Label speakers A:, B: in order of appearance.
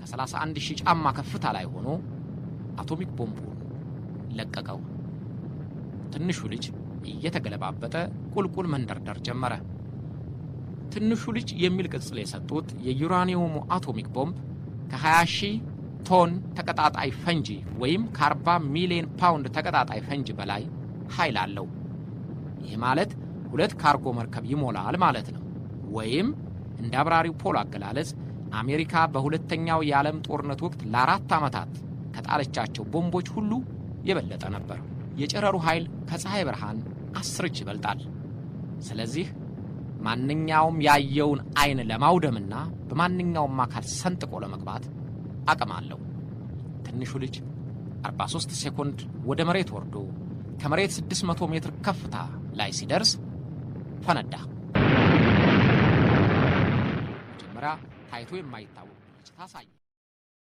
A: ከ31 ሺህ ጫማ ከፍታ ላይ ሆኖ አቶሚክ ቦምቡን ለቀቀው። ትንሹ ልጅ እየተገለባበጠ ቁልቁል መንደርደር ጀመረ። ትንሹ ልጅ የሚል ቅጽል የሰጡት የዩራኒየሙ አቶሚክ ቦምብ ከ20 ሺህ ቶን ተቀጣጣይ ፈንጂ ወይም ከ40 ሚሊዮን ፓውንድ ተቀጣጣይ ፈንጂ በላይ ኃይል አለው። ይህ ማለት ሁለት ካርጎ መርከብ ይሞላል ማለት ነው። ወይም እንደ አብራሪው ፖል አገላለጽ አሜሪካ በሁለተኛው የዓለም ጦርነት ወቅት ለአራት ዓመታት ከጣለቻቸው ቦምቦች ሁሉ የበለጠ ነበር። የጨረሩ ኃይል ከፀሐይ ብርሃን አስር እጅ ይበልጣል። ስለዚህ ማንኛውም ያየውን ዐይን ለማውደምና በማንኛውም አካል ሰንጥቆ ለመግባት አቅም አለው። ትንሹ ልጅ 43 ሴኮንድ ወደ መሬት ወርዶ ከመሬት 600 ሜትር ከፍታ ላይ ሲደርስ ፈነዳ። መጀመሪያ ታይቶ የማይታወቅ ድርጅት አሳየ።